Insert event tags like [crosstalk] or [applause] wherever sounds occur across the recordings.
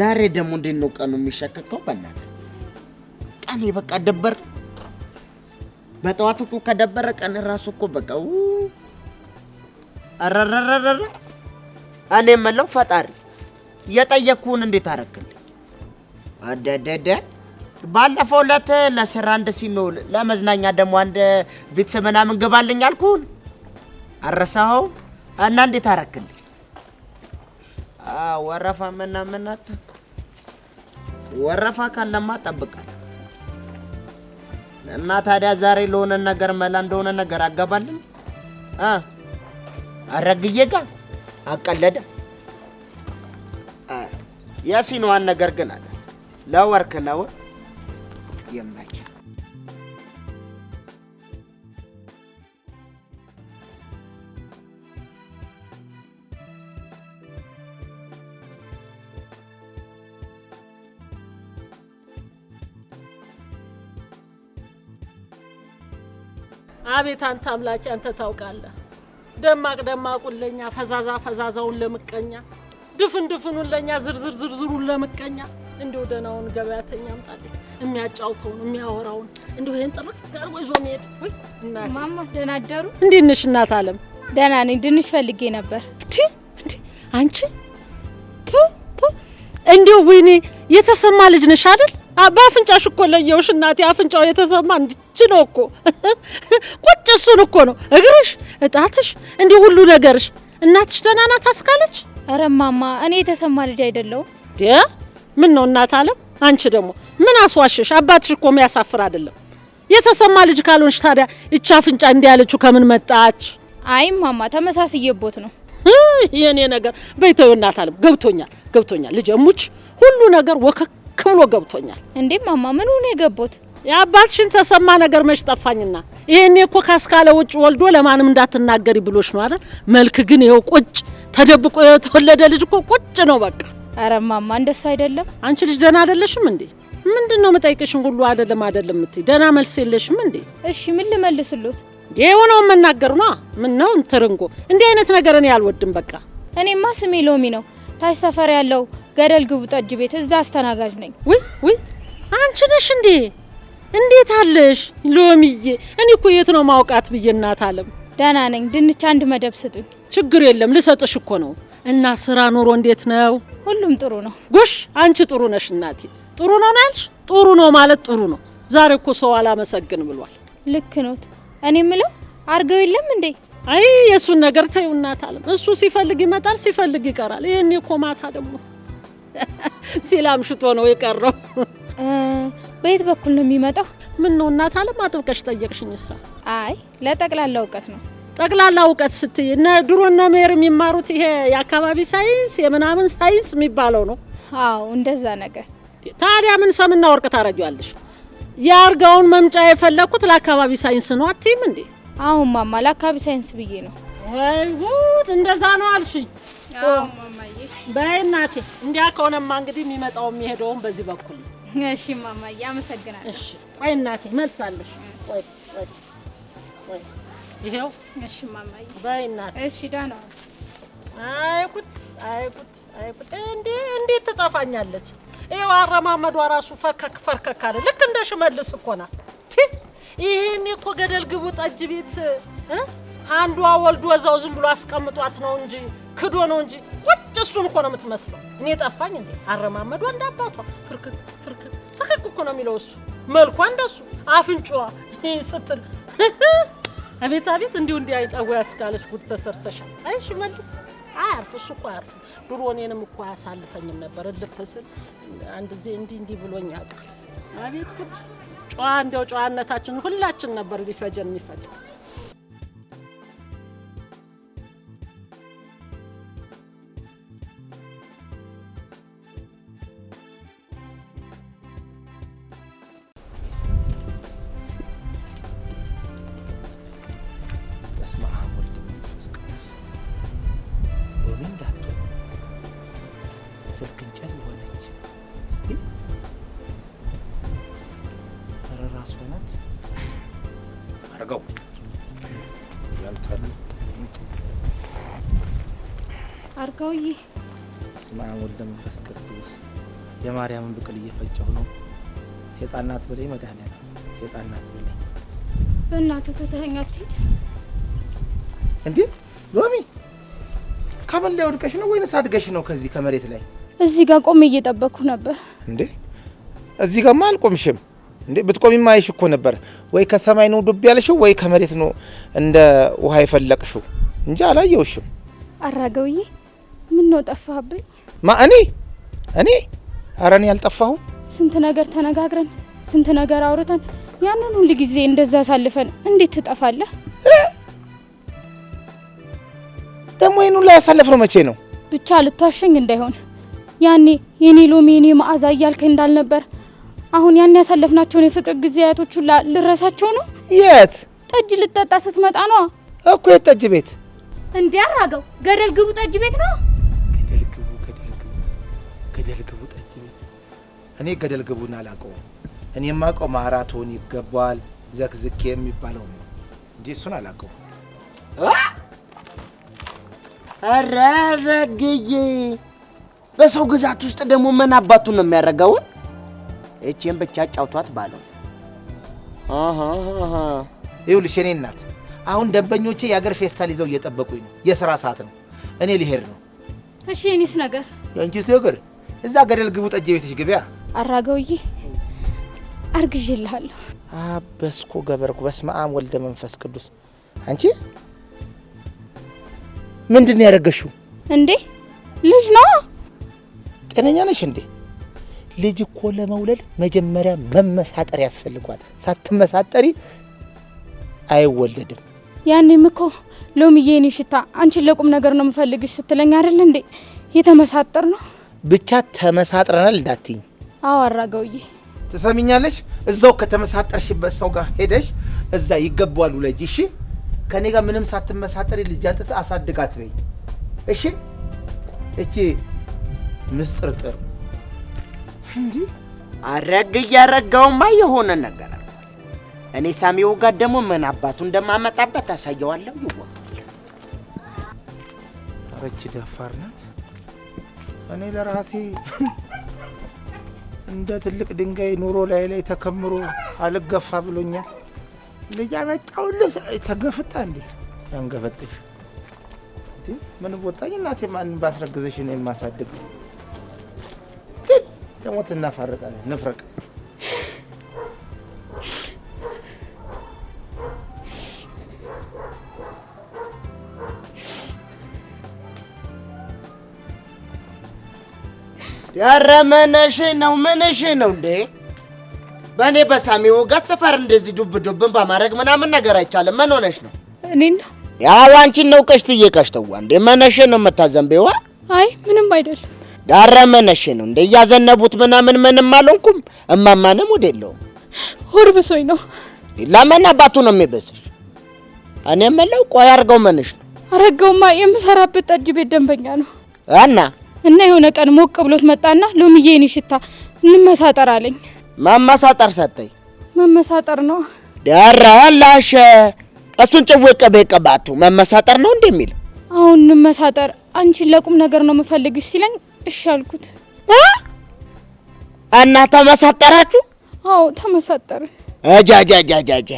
ዛሬ ደግሞ እንዴት ነው ቀኑ የሚሸከከው? በእናት ቀኔ በቃ ደበር በጠዋቱ እኮ ከደበረ ቀን ራሱ እኮ በቃ አረረረረ እኔ የምለው ፈጣሪ የጠየኩህን እንዴት አረክልኝ? አደደደ ባለፈው ዕለት ለስራ አንድ ሲኖ ለመዝናኛ ደግሞ አንድ ቤት ምናምን ግባልኝ አልኩህን አረሳኸው እና እንዴት አረክልኝ? ወረፋ ምናምን አታ ወረፋ ካለማ ጠብቃት እና ታዲያ ዛሬ ለሆነ ነገር መላ እንደሆነ ነገር አገባልን አ አረግዬ ጋር አቀለደ የሲኗን ነገር ግን አለ ለወርክ ነው የማይ አቤት አንተ አምላኬ አንተ ታውቃለህ። ደማቅ ደማቁን ለኛ፣ ፈዛዛ ፈዛዛውን ለምቀኛ፣ ድፍን ድፍኑን ለኛ፣ ዝርዝር ዝርዝሩን ለምቀኛ። እንዲሁ ደህናውን ገበያተኛ አምጣልኝ፣ የሚያጫውተውን የሚያወራውን፣ እንዲሁ ይህን ጥርቅ ጋር ይዞ መሄድ። ወይ ማማ ደህና አደሩ። እንዴት ነሽ እናት አለም? ደህና ነኝ። ድንሽ ፈልጌ ነበር። እንዲ አንቺ እንዲሁ ወይኔ የተሰማ ልጅ ነሽ አይደል? በአፍንጫሽ እኮ ለየውሽ እናቴ። አፍንጫው የተሰማ እንድች ነው እኮ [laughs] ቁጭ እሱን እኮ ነው እግርሽ፣ እጣትሽ፣ እንዲህ ሁሉ ነገርሽ። እናትሽ ደህና ናት አስካለች? ኧረ እማማ እኔ የተሰማ ልጅ አይደለሁም። ምን ነው እናት አለም። አንቺ ደግሞ ምን አስዋሽሽ? አባትሽ እኮ የሚያሳፍር አይደለም። የተሰማ ልጅ ካልሆንሽ ታዲያ እቺ አፍንጫ ያለችው ከምን መጣች? አይ እማማ ተመሳስዬቦት ነው [laughs] የኔ ነገር። በይተው እናት አለም ገብቶኛል፣ ገብቶኛል ልጅ እሙች ሁሉ ነገር ወከክ ልክ ብሎ ገብቶኛል። እንዴ ማማ ምን ሆነ የገቦት? የአባትሽን ተሰማ ነገር መች ጠፋኝና፣ ይሄኔ እኮ ካስካለ ውጭ ወልዶ ለማንም እንዳትናገሪ ብሎሽ ነው አይደል? መልክ ግን ይኸው ቁጭ ተደብቆ የተወለደ ልጅ እኮ ቁጭ ነው በቃ። አረ ማማ እንደሱ አይደለም። አንቺ ልጅ ደህና አይደለሽም እንዴ? ምንድን ነው መጠይቅሽን ሁሉ አይደለም አይደለም እምትይ? ደህና መልስ የለሽም እንዴ? እሺ ምን ልመልስሎት? የሆነው መናገር ነው። ምን ነው እንትርንጎ እንዲህ አይነት ነገር እኔ አልወድም። በቃ እኔማ ስሜ ሎሚ ነው ታች ሰፈር ያለው ገደል ግቡ ጠጅ ቤት እዛ አስተናጋጅ ነኝ። ውይ ውይ አንቺ ነሽ እንዴ? እንዴት አለሽ ሎሚዬ? እኔ እኮ የት ነው ማውቃት ብዬ እናት አለም። ደህና ነኝ። ድንች አንድ መደብ ስጡኝ። ችግር የለም ልሰጥሽ እኮ ነው። እና ስራ ኑሮ እንዴት ነው? ሁሉም ጥሩ ነው። ጎሽ አንቺ ጥሩ ነሽ እናቴ። ጥሩ ነው ናልሽ? ጥሩ ነው ማለት ጥሩ ነው። ዛሬ እኮ ሰው አላመሰግን ብሏል። ልክ ኖት። እኔ ምለው አርገው የለም እንዴ? አይ የእሱን ነገር ተይው እናት አለም። እሱ ሲፈልግ ይመጣል፣ ሲፈልግ ይቀራል። ይህኔ እኮ ማታ ደግሞ [laughs] ሲል አምሽቶ ነው የቀረው። በየት በኩል ነው የሚመጣው? ምን ነው እናት አለም አጥብቀሽ ጠየቅሽኝ? እሷ አይ ለጠቅላላ እውቀት ነው። ጠቅላላ እውቀት ስትይ እነ ድሮ እነ ሜር የሚማሩት ይሄ የአካባቢ ሳይንስ የምናምን ሳይንስ የሚባለው ነው። አዎ እንደዛ ነገር። ታዲያ ምን ሰምና ወርቅ ታረጊዋለሽ? የአርጋውን መምጫ የፈለግኩት ለአካባቢ ሳይንስ ነው አትይም እንዴ? አሁን ማማ ለአካባቢ ሳይንስ ብዬ ነው። ወይ ጉድ! እንደዛ ነው አልሽኝ። በይ እናቴ። እንዲያ ከሆነማ እንግዲህ የሚመጣው የሚሄደውም በዚህ በኩል ነው። እሺ እማማዬ፣ አመሰግናለሁ። እሺ ቆይ እናቴ፣ መልስ ቆይ ቆይ ቆይ፣ ይሄው። እሺ እማማዬ፣ በይ እናቴ። እሺ ደህና ነው። አይ ጉድ፣ አይ እንዴት ትጠፋኛለች? ይሄው አረማመዷ ራሱ ፈርከክ ፈርከክ አለ። ልክ እንደ ሽመልስ እኮ ናት። ይሄኔ እኮ ገደል ግቡ ጠጅ ቤት አንዷ ወልዶ እዛው ዝም ብሎ አስቀምጧት ነው እንጂ ክዶ ነው እንጂ ወጭ እሱን እኮ ነው የምትመስለው። እኔ ጠፋኝ እንዴ? አረማመዷ እንደ አባቷ ፍርክ ፍርክክ ፍርክክ እኮ ነው የሚለው እሱ። መልኳ እንደሱ አፍንጫዋ ስትል [laughs] አቤት አቤት፣ እንዲሁ እንዲህ አይጠው ያስካለች ጉድ ተሰርተሻል። አይሽ መልስ አያርፍ እሱ እኮ አያርፍ። ድሮ እኔንም እኮ አያሳልፈኝም ነበር። እልፍ ስል አንድ ጊዜ እንዲህ እንዲህ ብሎኝ ያውቃል። አቤት ጉድ ጨዋ፣ እንዲያው ጨዋነታችን ሁላችን ነበር ሊፈጀን የሚፈልግ አርጋውዬ ስማ ወልደ መንፈስ ቅዱስ የማርያምን ብቅል እየፈጨሁ ነው። ሴጣን ናት ብለኝ መድኃኒዓለም ሴጣን ናት ብለኝ። በእናትህ ትተኸኝ አትሄድ እንዴ? ሎሚ ከምን ላይ ወድቀሽ ነው ወይንስ አድገሽ ነው? ከዚህ ከመሬት ላይ እዚህ ጋር ቆሜ እየጠበቅኩ ነበር። እንዴ እዚህ ጋማ አልቆምሽም እንዴ? ብትቆሚማ አይሽ እኮ ነበር። ወይ ከሰማይ ነው ዱብ ያልሽው ወይ ከመሬት ነው እንደ ውሃ የፈለቅሽው እንጂ አላየውሽም። አራገውዬ ምን ነው ጠፋህብኝ? ማ እኔ እኔ ኧረ እኔ አልጠፋሁም። ስንት ነገር ተነጋግረን ስንት ነገር አውርተን ያንን ሁሉ ጊዜ እንደዛ አሳልፈን እንዴት ትጠፋለህ? ደግሞ ይህን ሁሉ ያሳለፍነው መቼ ነው? ብቻ ልትዋሸኝ እንዳይሆን ያኔ የኔ ሎሚ የኔ መዓዛ እያልከኝ እንዳልነበር አሁን ያን ያሳለፍናቸውን የፍቅር ሁላ ልረሳቸው ነው? የት ጠጅ ልጠጣ ስትመጣ ነዋ? እኮ የት ጠጅ ቤት እንዲያራገው ገደል ግቡ ጠጅ ቤት ነው። ገደል ግቡ ጠጅ ቤት። እኔ ገደል ግቡን አላውቀውም። እኔ የማውቀው ማራቶን ይገባዋል ዘክዝኬ የሚባለው ነው እንጂ እሱን አላውቀውም። ኧረ ረግዬ በሰው ግዛት ውስጥ ደግሞ ምን አባቱን ነው የሚያደርገውን? እቺን ብቻ ጫውቷት ባለው። ይኸውልሽ የኔ እናት አሁን ደንበኞቼ የአገር ፌስታል ይዘው እየጠበቁኝ ነው። የሥራ ሰዓት ነው። እኔ ሊሄድ ነው። እሺ የኔስ ነገር የአንቺስ ነገር እዛ ገደል ግቡ፣ ጠጅ ቤትሽ ግቢያ። አራገውዬ አርግዤልሃለሁ። አበስኩ ገበርኩ። በስመ አብ ወልደ መንፈስ ቅዱስ። አንቺ ምንድን ነው እንዴ ልጅ ነው? ጤነኛ ነሽ እንዴ? ልጅ እኮ ለመውለድ መጀመሪያ መመሳጠር ያስፈልጓል። ሳትመሳጠሪ አይወለድም። ያኔም እኮ ሎሚዬ፣ እኔ ሽታ አንቺን ለቁም ነገር ነው የምፈልግሽ ስትለኝ አይደል እንዴ የተመሳጠር ነው ብቻ ተመሳጥረናል እንዳትኝ። አዎ አራጋውዬ፣ ትሰሚኛለሽ? እዛው ከተመሳጠርሽበት ሰው ጋር ሄደሽ እዛ ይገባዋል ውለጅ። እሺ፣ ከኔ ጋር ምንም ሳትመሳጠር ልጅ አጥተሽ አሳድጋት በይ። እሺ። እቺ ምስጥርጥር እንዲህ አረግ እያረጋውማ የሆነ ነገር እኔ ሳሚው ጋር ደግሞ ምን አባቱ እንደማመጣበት አሳየዋለሁ። ይወቅ። አረች ደፋር ናት። እኔ ለራሴ እንደ ትልቅ ድንጋይ ኑሮ ላይ ላይ ተከምሮ አልገፋ ብሎኛል። ልጅ አመጣሁልህ ተገፍታ እንዴ ያንገፈጥሽ ምን ቦታኝ እናቴ ማን ባስረግዘሽ ነው የማሳድግ ደግሞ ትናፋርቃለን ንፍረቅ ኧረ ምንሽ ነው ምንሽ ነው እንዴ? በእኔ በሳሚ ወጋት ሰፈር እንደዚህ ዱብ ዱብን በማድረግ ምናምን ነገር አይቻልም። ምን ሆነሽ ነው? እኔን ነው ያው አንቺን ነው ቀሽትዬ፣ ቀሽተዋ እንዴ መነሽ ነው የምታዘንቤዋ? አይ ምንም አይደለም። ዳረ መነሽ ነው እንደ እያዘነቡት ምናምን ምንም አልሆንኩም። እማማንም ወደ የለውም ሆር ብሶኝ ነው። ለምን አባቱ ነው የሚበስሽ? እኔ የምለው ቆይ አድርገው መነሽ ነው አረገውማ። የምሰራበት ጠጅ ቤት ደንበኛ ነው እና እና የሆነ ቀን ሞቅ ብሎት መጣና ሎሚዬ የኔ ሽታ እንመሳጠር አለኝ። ማመሳጠር ሰጠኝ። መመሳጠር ነው ዳራ ላሸ እሱን ጭዌ በቀባቱ ቀባቱ መመሳጠር ነው እንደሚል የሚለው። አሁን እንመሳጠር፣ አንቺን ለቁም ነገር ነው የምፈልግሽ ሲለኝ እሺ አልኩት። እና ተመሳጠራችሁ? አዎ ተመሳጠርን። እጃጃጃጃጃ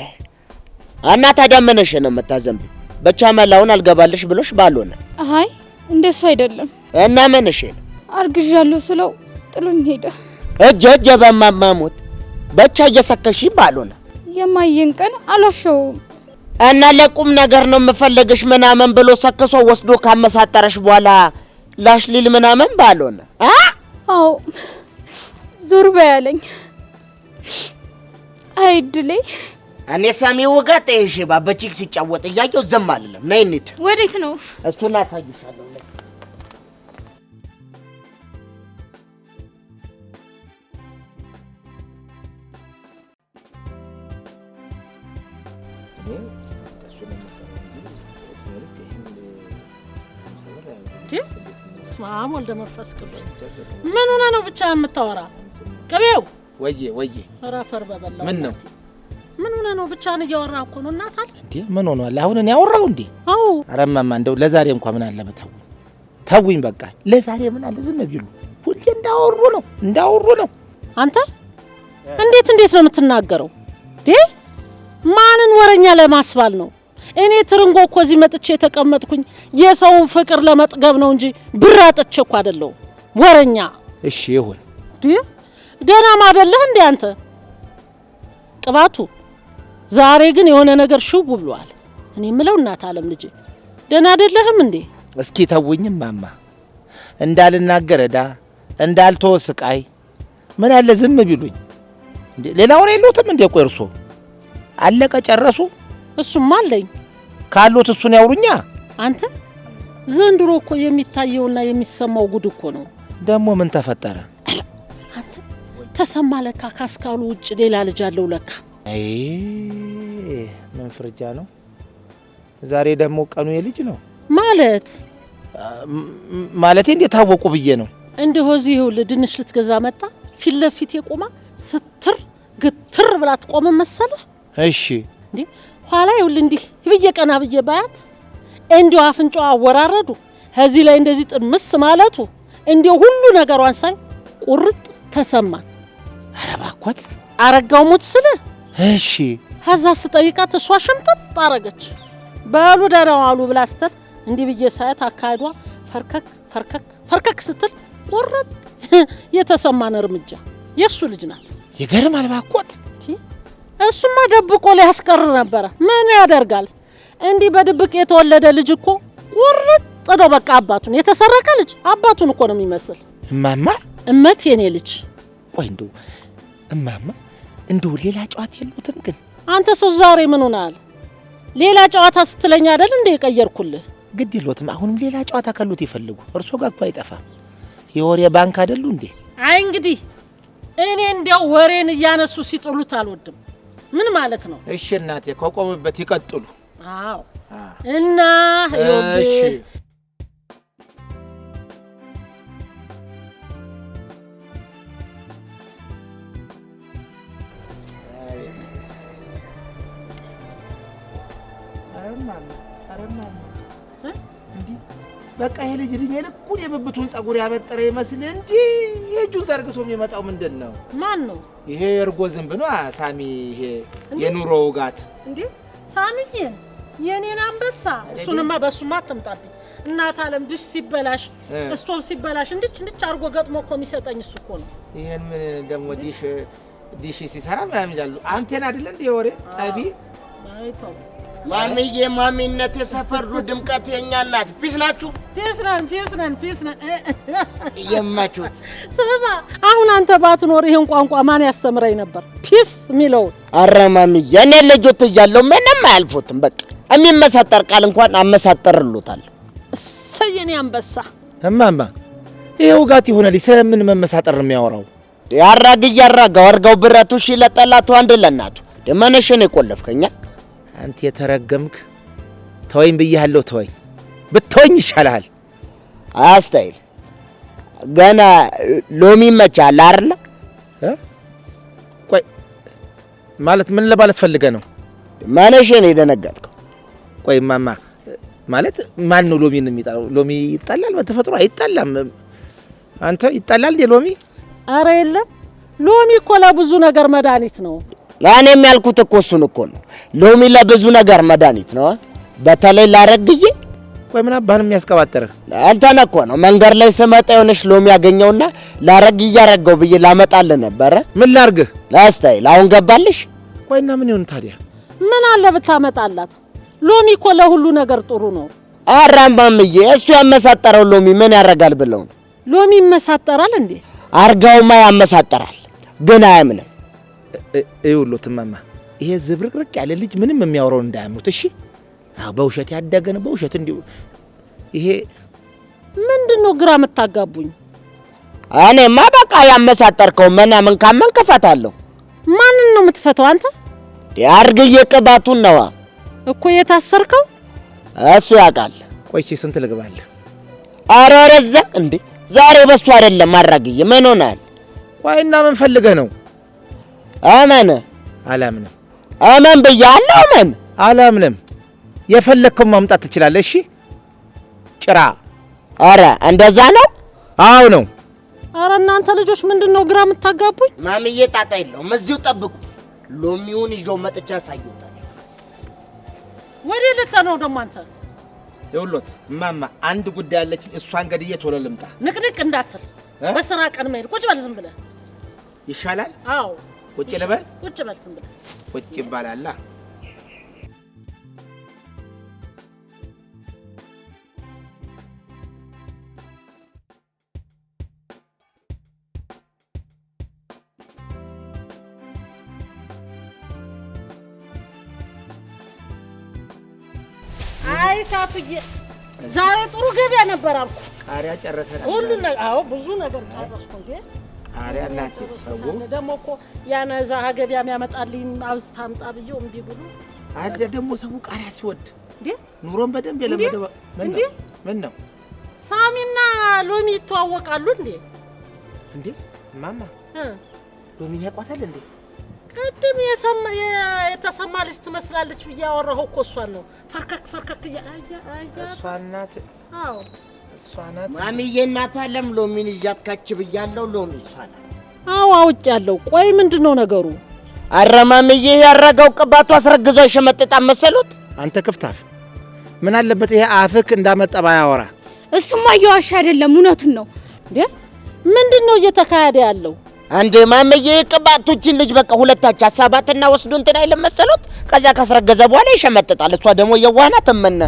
እና ታዲያ ምን ሆነሽ ነው የምታዘንብ? ብቻ መላውን አልገባልሽ ብሎሽ ባልሆነ። አይ እንደሱ አይደለም እና መንሽ አርግዣለሁ ስለው ጥሎኝ ሄደ። እጅ እጅ በማማሙት ብቻ እየሰከሽ ባልሆነ የማየን ቀን አላሸውም እና ለቁም ነገር ነው የምፈለግሽ ምናምን ብሎ ሰክሶ ወስዶ ካመሳጠረሽ በኋላ ላሽሊል ምናምን ባልሆነ አ አዎ ዞር በያለኝ። አይ እኔ ሰሚ ውጋት ይሄ ሽባ በቺክ እያየው ዝም አልልም። ነይ እንሂድ። ወዴት ነው? እሱን አሳይሻለሁ። ስማም ወልደ መንፈስ ቅዱስ ምን ሆነ ነው ብቻ የምታወራ? ቅቤው ወዬ ወዬ ረፈር በበላ ምን ነው ምን ሆነ ነው ብቻህን እያወራ እኮ ነው። እናታል እንዴ ምን ሆኗል? አሁን እኔ ያወራሁ እንዴ? አዎ ኧረ እማማ እንደው ለዛሬ እንኳ ምን አለ በተው ተውኝ፣ በቃ ለዛሬ ምን አለ ዝም ቢሉ ሁሌ እንዳወሩ ነው እንዳወሩ ነው። አንተ እንዴት እንዴት ነው የምትናገረው? ዴ ማንን ወረኛ ለማስባል ነው እኔ ትርንጎ እኮ እዚህ መጥቼ የተቀመጥኩኝ የሰውን ፍቅር ለመጥገብ ነው እንጂ ብር አጥቼ እኮ አይደለሁም። ወረኛ። እሺ ይሁን። ደህናም አይደለህ እንዴ አንተ ቅባቱ። ዛሬ ግን የሆነ ነገር ሽው ብሏል። እኔ ምለው እናት አለም ልጅ ደህና አይደለህም እንዴ? እስኪ ተውኝም ማማ እንዳልናገር ዕዳ እንዳልተወ ስቃይ ምን አለ ዝም ቢሉኝ። ወሬ የሉትም እንዴ? ቆይ እርሶ አለቀ ጨረሱ? እሱም አለኝ ካሉት እሱን ያውሩኛ። አንተ ዘንድሮ እኮ የሚታየውና የሚሰማው ጉድ እኮ ነው። ደግሞ ምን ተፈጠረ? አንተ ተሰማ ለካ ካስካሉ ውጭ ሌላ ልጅ አለው ለካ። አይ ምን ፍርጃ ነው ዛሬ? ደግሞ ቀኑ የልጅ ነው ማለት ማለቴ እንዴት ታወቁ ብዬ ነው። እንደሆ እዚህ ይኸውልህ፣ ድንሽ ልትገዛ መጣ። ፊት ለፊት የቆማ ስትር ግትር ብላ ትቆም መሰለህ? እሺ እንዴ ኋላ ይኸውልህ እንዲህ ብዬ ቀና ብዬ ባያት እንዲሁ አፍንጫዋ አወራረዱ ከዚህ ላይ እንደዚህ ጥምስ ማለቱ እንዲሁ ሁሉ ነገሯን ሳይ ቁርጥ ተሰማን። ኧረ እባክዎት አረጋው ሞት ስለ እሺ ከዛ ስጠይቃት እሷ ሸምጠጥ አረገች። በሉ ደህና ዋሉ ብላ ስትል እንዲህ ብዬ ሳያት አካሄዷ ፈርከክ ፈርከክ ፈርከክ ስትል ቁርጥ የተሰማን እርምጃ የእሱ ልጅ ናት። ይገርማል እባክዎት እሱማ ደብቆ ሊያስቀር ነበረ። ምን ያደርጋል? እንዲህ በድብቅ የተወለደ ልጅ እኮ ቁርጥ ነው በቃ። አባቱን የተሰረቀ ልጅ አባቱን እኮ ነው የሚመስል። እማማ እመት የኔ ልጅ ቆይ እንዶ እማማ እንዶ ሌላ ጨዋታ የሉትም ግን? አንተ ሰው ዛሬ ምን ሆናል? ሌላ ጨዋታ ስትለኝ አይደል እንደ የቀየርኩልህ። ግድ የሎትም አሁንም ሌላ ጨዋታ ካሉት ይፈልጉ። እርሶ ጋር እኮ አይጠፋም። የወሬ ባንክ አይደሉ እንዴ? አይ እንግዲህ እኔ እንዲያው ወሬን እያነሱ ሲጥሉት አልወድም። ምን ማለት ነው? እሺ እናቴ ከቆሙበት ይቀጥሉ። አዎ እና እሺ እንዲህ በቃ ይሄ ልጅ እድሜ ልኩን የብብቱን ጸጉር ያበጠረ ይመስል እንጂ የእጁን ዘርግቶ የሚመጣው ምንድን ነው? ማን ነው ይሄ? እርጎ ዝንብ ነው ሳሚ። ይሄ የኑሮ ውጋት እንዴ! ሳሚዬ፣ የኔን አንበሳ። እሱንማ በእሱማ አትምጣብኝ። እናት አለም ድሽ ሲበላሽ እስቶብ ሲበላሽ እንድች እንድች አድርጎ ገጥሞ እኮ የሚሰጠኝ እሱ እኮ ነው። ይሄን ምን ደግሞ ዲሽ ዲሽ ሲሰራ ምናምን ይላሉ። አንቴን አይደለ እንደ ወሬ ጠቢ ማሚዬ ማሚነት የሰፈሩ ድምቀት የኛ ናት። ፒስ ናችሁ? ፒስ ነን፣ ፒስ ነን፣ ፒስ ነን። የማችሁት ስማ፣ አሁን አንተ ባትኖር ይህን ቋንቋ ማን ያስተምረኝ ነበር? ፒስ የሚለውን አረ ማሚዬ፣ እኔ ልጆት እያለሁ ምንም አያልፉትም። በቃ የሚመሳጠር ቃል እንኳን አመሳጠርሉታል። እሰይ አንበሳ። እማማ ይሄው ጋት የሆነ ልጅ ስለምን መመሳጠር የሚያወራው? ያራግ እያራጋው አርጋው ብረቱ ሺ ለጠላቱ አንድ ለእናቱ ደመነሽን የቆለፍከኛል አንተ የተረገምክ ተወኝ ብያለሁ። ተወኝ ብትወኝ ይሻልሃል። አያስተይል ገና ሎሚ ይመቻል አይደለ? ቆይ ማለት ምን ለማለት ፈልገ ነው? ማነሽ ነው የደነገጥከው? ቆይ ማማ ማለት ማን ነው ሎሚን የሚጣለው? ሎሚ ይጣላል በተፈጥሮ አይጣላም። አንተ ይጠላል እንዴ ሎሚ? አረ የለም ሎሚ እኮ ለብዙ ነገር መድኃኒት ነው። እኔ ያልኩት እኮ እሱን እኮ ነው። ሎሚ ለብዙ ነገር መድኃኒት ነው። በተለይ ላረግ ጊዜ ቆይ ምን አባህን የሚያስቀባጥርህ አንተን እኮ ነው። መንገድ ላይ ስመጣ የሆነች ሎሚ ያገኘውና ላረግ እያረገው ብዬ ላመጣልህ ነበረ። ምን ላርግህ? አስተያየት አሁን ገባልሽ። ቆይና ምን ይሁን ታዲያ? ምን አለ ብታመጣላት? ሎሚ እኮ ለሁሉ ነገር ጥሩ ነው። ኧረ እሱ ያመሳጠረው ሎሚ ምን ያደርጋል ብለው ነው። ሎሚ ይመሳጠራል እንዴ? አርጋውማ ያመሳጠራል፣ ግን አያምንም እዩሎት እማማ፣ ይሄ ዝብርቅርቅ ያለ ልጅ ምንም የሚያወራው እንዳያምኑት። እሺ፣ በውሸት ያደገን በውሸት እንዲሁ ይሄ ምንድን ነው ግራ የምታጋቡኝ? እኔማ በቃ ያመሳጠርከው መናምን ካመን ከፈታለሁ። ማንን ነው የምትፈተው አንተ? ያርግዬ ቅባቱን ነዋ እኮ የታሰርከው እሱ ያውቃል። ቆይቼ ስንት ልግባለህ? ኧረ እንዴ! ዛሬ በሱ አይደለም። አራግዬ ምን ሆናል? ቆይና ምን ፈልገህ ነው አመን አላምንም። አመን ብያለሁ። አመን አላምንም። የፈለግከው ማምጣት ትችላለህ። እሺ ጭራ። አረ እንደዛ ነው? አው ነው። አረ እናንተ ልጆች ምንድን ነው ግራ የምታጋቡኝ? ማምዬ ጣጣ የለውም እዚሁ ጠብቁ። ሎሚውን ይዞ መጥቻ ያሳየታል። ወዴ ልጠ ነው ደግሞ አንተ የውሎት እማማ አንድ ጉዳይ ያለችኝ እሷን ገድዬ ቶሎ ልምጣ። ንቅንቅ እንዳትል በስራ ቀን መሄድ ቁጭ በል ዝም ብለህ ይሻላል። አዎ ቁጭ ልበል ቁጭ በል ዝም ብለህ ቁጭ ይባላላ። አይ ሳፍዬ ዛሬ ጥሩ ገበያ ነበር አልኩ። ቃሪያ ጨረሰ ነበር ሁሉ። አዎ ብዙ ነገር ጨረስኩ እንዴ ማርያም ናት። ሰው ደግሞ እኮ ያነዛ አገቢያም ያመጣልኝ አብዝ ታምጣ ብዬ እምቢ ብሎ አለ። ደግሞ ሰው ቃሪያ ሲወድ እንዴ ኑሮን በደንብ የለመደ ምን ነው ሳሚና ሎሚ ይተዋወቃሉ እንዴ? እንዴ ማማ ሎሚን ያውቋታል እንዴ? ቅድም የተሰማ ልጅ ትመስላለች ብዬ ያወራኸው እኮ እሷን ነው። ፈርከክ ፈርከክ እያ እሷ እናት አዎ እሷ ናት ማሚዬ። እናት አለም ሎሚን ይዣት ካች ብያለሁ። ሎሚ እሷ ናት። አዎ አውጭ ያለው። ቆይ ምንድን ነው ነገሩ? አረ ማሚዬ ያረገው ቅባቱ አስረግዞ የሸመጥጣ መሰሉት። አንተ ክፍታፍ ምን አለበት ይሄ አፍክ እንዳመጣ ባያወራ። እሱማ እየዋሻ አይደለም እውነቱን ነው እንዴ። ምንድን ነው እየተካሄደ ያለው? አንድ ማመዬ ቅባቶችን ልጅ በቃ ሁለታች ሀሳባትና ወስዶ እንትን አይለም መሰሉት። ከዚያ ካስረገዘ በኋላ ይሸመጥጣል። እሷ ደግሞ የዋህና ተመነ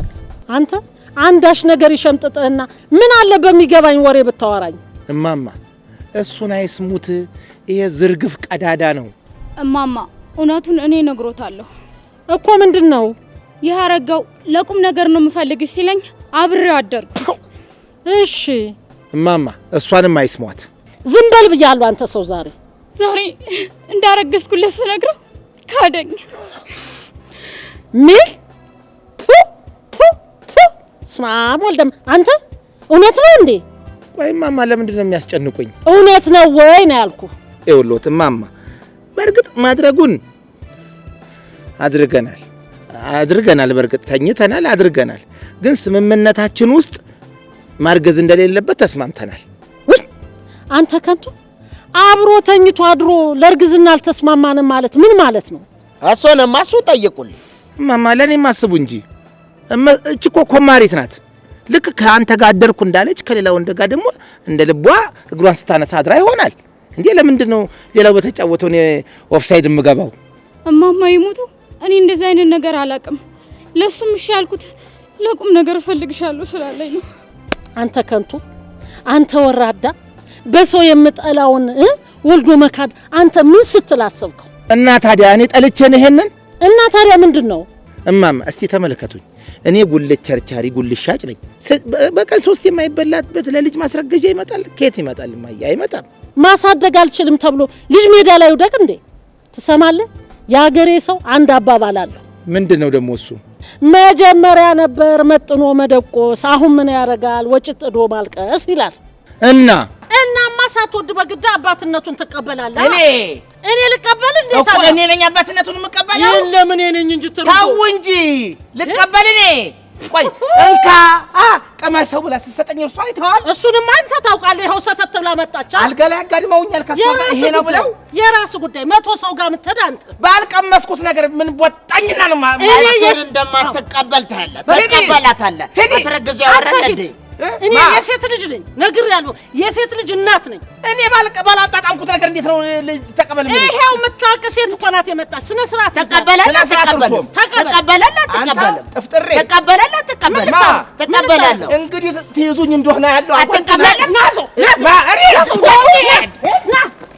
አንተ አንዳች ነገር ይሸምጥጥህና ምን አለ በሚገባኝ ወሬ ብታወራኝ። እማማ እሱን አይስሙት፣ ይሄ ዝርግፍ ቀዳዳ ነው። እማማ እውነቱን እኔ ነግሮታለሁ እኮ። ምንድን ነው ይህ አረጋው? ለቁም ነገር ነው የምፈልግሽ ሲለኝ አብሬው አደርጉ። እሺ እማማ፣ እሷንም አይስሟት። ዝም በል ብያለሁ። አንተ ሰው ዛሬ ዛሬ እንዳረገዝኩለት ስነግረው ካደኝ ሚል በስመ አብ ወልደም አንተ እውነት ነው እንዴ? ወይ እማማ ለምንድን ነው የሚያስጨንቁኝ? እውነት ነው ወይ ነው ያልኩህ። ይኸውልዎት እማማ በእርግጥ ማድረጉን አድርገናል አድርገናል በእርግጥ ተኝተናል አድርገናል። ግን ስምምነታችን ውስጥ ማርገዝ እንደሌለበት ተስማምተናል። ውይ አንተ ከንቱ አብሮ ተኝቶ አድሮ ለእርግዝና አልተስማማንም ማለት ምን ማለት ነው? እሱንማ እሱ ጠይቁልኝ እማማ፣ ለእኔም አስቡ እንጂ እች እኮ ኮማሪት ናት። ልክ ከአንተ ጋር አደርኩ እንዳለች ከሌላ ወንድ ጋር ደግሞ እንደ ልቧ እግሯን ስታነሳ አድራ ይሆናል እንዴ? ለምንድን ነው ሌላው በተጫወተው እኔ ኦፍሳይድ የምገባው? እማማ ይሙቱ፣ እኔ እንደዚህ አይነት ነገር አላውቅም። ለእሱም እሺ ያልኩት ለቁም ነገር እፈልግሻለሁ ስላለኝ ነው። አንተ ከንቱ፣ አንተ ወራዳ፣ በሰው የምጠላውን ወልዶ መካድ አንተ ምን ስትል አሰብከው? እና ታዲያ እኔ ጠልቼን ይሄንን? እና ታዲያ ምንድን ነው እማማ? እስቲ ተመለከቱኝ እኔ ጉልት ቸርቻሪ ጉልት ሻጭ ነኝ። በቀን ሶስት የማይበላበት ለልጅ ማስረገዣ ይመጣል። ከየት ይመጣል? ማየ አይመጣም። ማሳደግ አልችልም ተብሎ ልጅ ሜዳ ላይ ውደቅ እንዴ? ትሰማለህ? የሀገሬ ሰው አንድ አባባል አለሁ። ምንድን ነው ደግሞ እሱ? መጀመሪያ ነበር መጥኖ መደቆስ፣ አሁን ምን ያደርጋል ወጭት ጥዶ ማልቀስ ይላል እና እናማ ሳትወድ በግድ አባትነቱን ትቀበላለህ። እኔ እኔ ልቀበል እንዴ? እኮ እኔ ነኝ አባትነቱን የምቀበለው። የለም እኔ ነኝ እንጂ ተው እንጂ ልቀበል እኔ ቆይ እንካ ቀመሰው ብላ ስትሰጠኝ እርሷ አይተዋል። እሱንም አንተ ታውቃለህ። ይኸው ሰተት ብላ መጣች። አልጋ ላይ አጋድመውኛል። ጋር ይሄ ነው ብለው የራስህ ጉዳይ። መቶ ሰው ጋር የምትሄድ አንተ ባልቀመስኩት ነገር ምን ቦጣኝና ነው እንደማትቀበል ታያለህ። ተቀበላታለህ። አስረግዞ ያወራል እንደ እኔ የሴት ልጅ ነኝ፣ ነግሬያለሁ። የሴት ልጅ እናት ነኝ። እኔ ባላጣጣምኩት ነገር እንዴት ነው ልጅ ተቀበል? ይሄው የምታውቅ ሴት እኮ ናት የመጣች። ስነ ስርዓት ተቀበለላት፣ ተቀበለላት፣ ጥፍጥሬ ተቀበለላት፣ ተቀበላለሁ። እንግዲህ ትይዙኝ እንደሆነ ያለው አትቀበለላት ናዞ ናዞ ናዞ ናዞ